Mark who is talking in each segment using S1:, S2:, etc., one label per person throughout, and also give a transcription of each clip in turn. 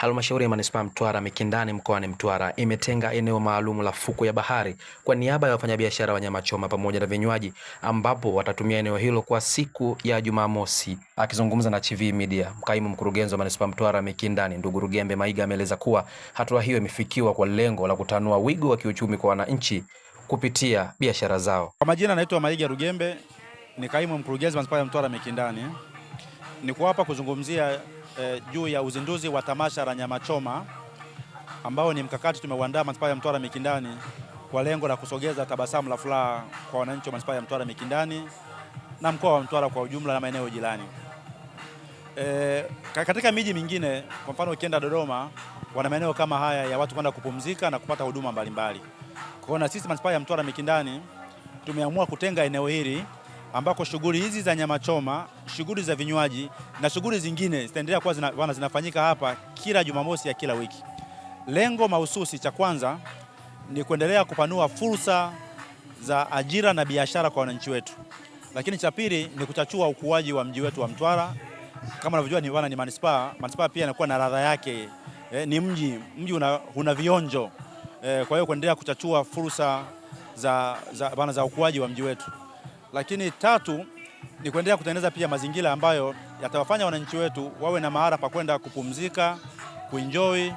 S1: Halmashauri ya Manispaa Mtwara Mikindani mkoani Mtwara imetenga eneo maalum la fuku ya bahari kwa niaba ya wafanyabiashara wa nyama choma pamoja na vinywaji ambapo watatumia eneo hilo kwa siku ya Jumamosi. Akizungumza na Chivihi Media, mkaimu mkurugenzi wa Manispaa Mtwara Mikindani ndugu Rugembe Maiga ameeleza kuwa hatua hiyo imefikiwa kwa lengo la kutanua wigo wa kiuchumi kwa wananchi kupitia biashara zao.
S2: Kwa majina anaitwa Maiga Rugembe, ni kaimu mkurugenzi wa Manispaa ya Mtwara Mikindani. Niko hapa kuzungumzia eh, juu ya uzinduzi wa tamasha la nyama choma ambao ni mkakati tumeuandaa manispaa ya Mtwara Mikindani kwa lengo la kusogeza tabasamu la furaha kwa wananchi wa manispaa ya Mtwara Mikindani na mkoa wa Mtwara kwa ujumla na maeneo jirani. E, katika miji mingine kwa mfano ukienda Dodoma wana maeneo kama haya ya watu kwenda kupumzika na kupata huduma mbalimbali. Kwa hiyo na sisi manispaa ya Mtwara Mikindani tumeamua kutenga eneo hili ambako shughuli hizi za nyama choma, shughuli za vinywaji na shughuli zingine zitaendelea kuwa zina, zinafanyika hapa kila Jumamosi ya kila wiki. Lengo mahususi cha kwanza ni kuendelea kupanua fursa za ajira na biashara kwa wananchi wetu, lakini cha pili ni kuchachua ukuaji wa mji wetu wa Mtwara. Kama unavyojua ni bwana, ni manispaa. Manispaa pia inakuwa na ladha yake eh, ni mji mji una, una vionjo eh, kwa hiyo kuendelea kuchachua fursa za, za, bana, za ukuaji wa mji wetu. Lakini tatu ni kuendelea kutengeneza pia mazingira ambayo yatawafanya wananchi wetu wawe na mahala pa kwenda kupumzika, kuenjoy,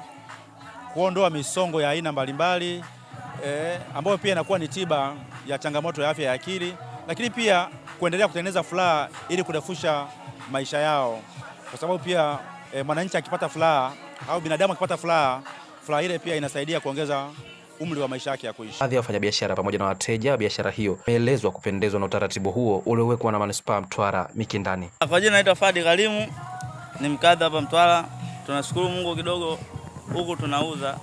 S2: kuondoa misongo ya aina mbalimbali eh, ambayo pia inakuwa ni tiba ya changamoto ya afya ya akili, lakini pia kuendelea kutengeneza furaha ili kurefusha maisha yao, kwa sababu pia eh, mwananchi akipata furaha au binadamu akipata furaha, furaha ile pia inasaidia kuongeza umri wa maisha yake ya kuishi.
S1: Baadhi ya wafanyabiashara pamoja na wateja wa biashara hiyo wameelezwa kupendezwa na utaratibu huo uliowekwa na manispaa Mtwara Mikindani.
S3: Kwa jina naitwa Fadi Kalimu, ni mkadha hapa Mtwara. Tunashukuru Mungu kidogo huku tunauza,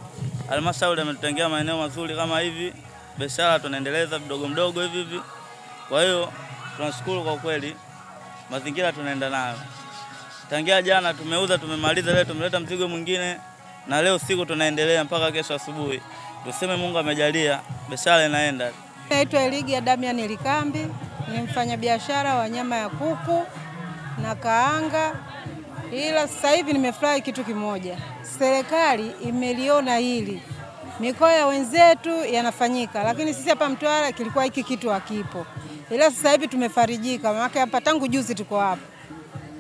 S3: halmashauri ametutengea maeneo mazuri kama hivi, biashara tunaendeleza vidogo mdogo hivi hivi. Kwa hiyo tunashukuru kwa kweli, mazingira tunaenda nayo. Tangia jana tumeuza, tumemaliza, leo tumeleta mzigo mwingine na leo siku tunaendelea mpaka kesho asubuhi, tuseme Mungu amejalia, biashara inaenda.
S4: Naitwa Eligia Damian Likambi, ni mfanyabiashara wa nyama ya kuku na kaanga, ila sasa hivi nimefurahi kitu kimoja, serikali imeliona hili mikoa ya wenzetu yanafanyika, lakini sisi hapa Mtwara kilikuwa hiki kitu hakipo, ila sasa hivi tumefarijika, maana hapa tangu juzi tuko hapa.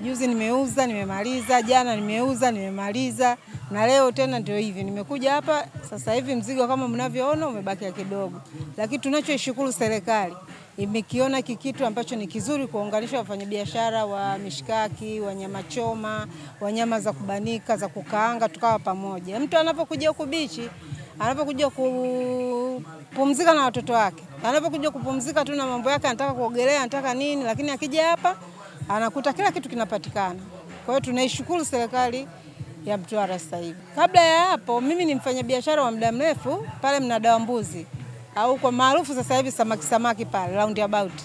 S4: Juzi nimeuza nimemaliza, jana nimeuza nimemaliza, na leo tena ndio hivi nimekuja hapa sasa hivi. Mzigo kama mnavyoona umebakia kidogo, lakini tunachoishukuru serikali imekiona kikitu ambacho ni kizuri, kuwaunganisha wafanyabiashara wa mishikaki, nyama choma, wanyama za kubanika, za kukaanga, tukawa pamoja. Mtu anapokuja bichi, anapokuja kupumzika na watoto wake, anapokuja kupumzika tu na mambo yake, anataka kuogelea, anataka nini, lakini akija hapa anakuta kila kitu kinapatikana. Kwa hiyo tunaishukuru serikali ya Mtwara sasa hivi. Kabla ya hapo, mimi ni mfanyabiashara wa muda mrefu pale mnada wa mbuzi au kwa maarufu sasa hivi samaki samaki pale roundabout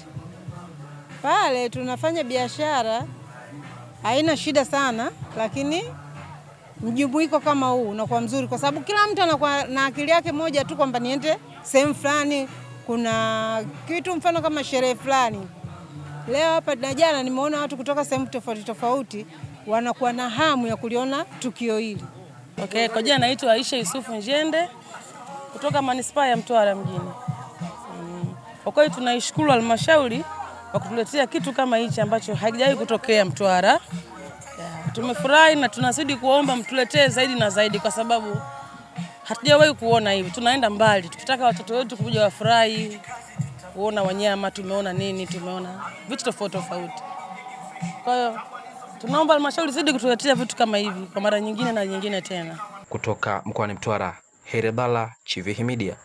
S4: pale tunafanya biashara, haina shida sana, lakini mjumuiko kama huu unakuwa mzuri, kwa sababu kila mtu anakuwa na akili yake moja tu kwamba niende sehemu fulani, kuna kitu mfano kama sherehe fulani Leo hapa na jana nimeona watu kutoka sehemu tofauti tofauti wanakuwa na hamu ya kuliona tukio hili.
S5: Okay, kwa jina naitwa Aisha Yusufu Njende kutoka manispaa ya Mtwara mjini. Mm, kwa kweli tunaishukuru halmashauri kwa kutuletea kitu kama hichi ambacho hakijawahi kutokea Mtwara. Tumefurahi na tunazidi kuomba mtuletee zaidi na zaidi, kwa sababu hatujawahi kuona hivi. Tunaenda mbali, tukitaka watoto wetu kuja wafurahi kuona wanyama, tumeona nini, tumeona vitu tofauti tofauti. Kwa hiyo tunaomba halmashauri zidi kutuletea vitu kama hivi kwa mara nyingine na nyingine tena.
S1: Kutoka mkoani Mtwara, Herebala, Chivihi Media.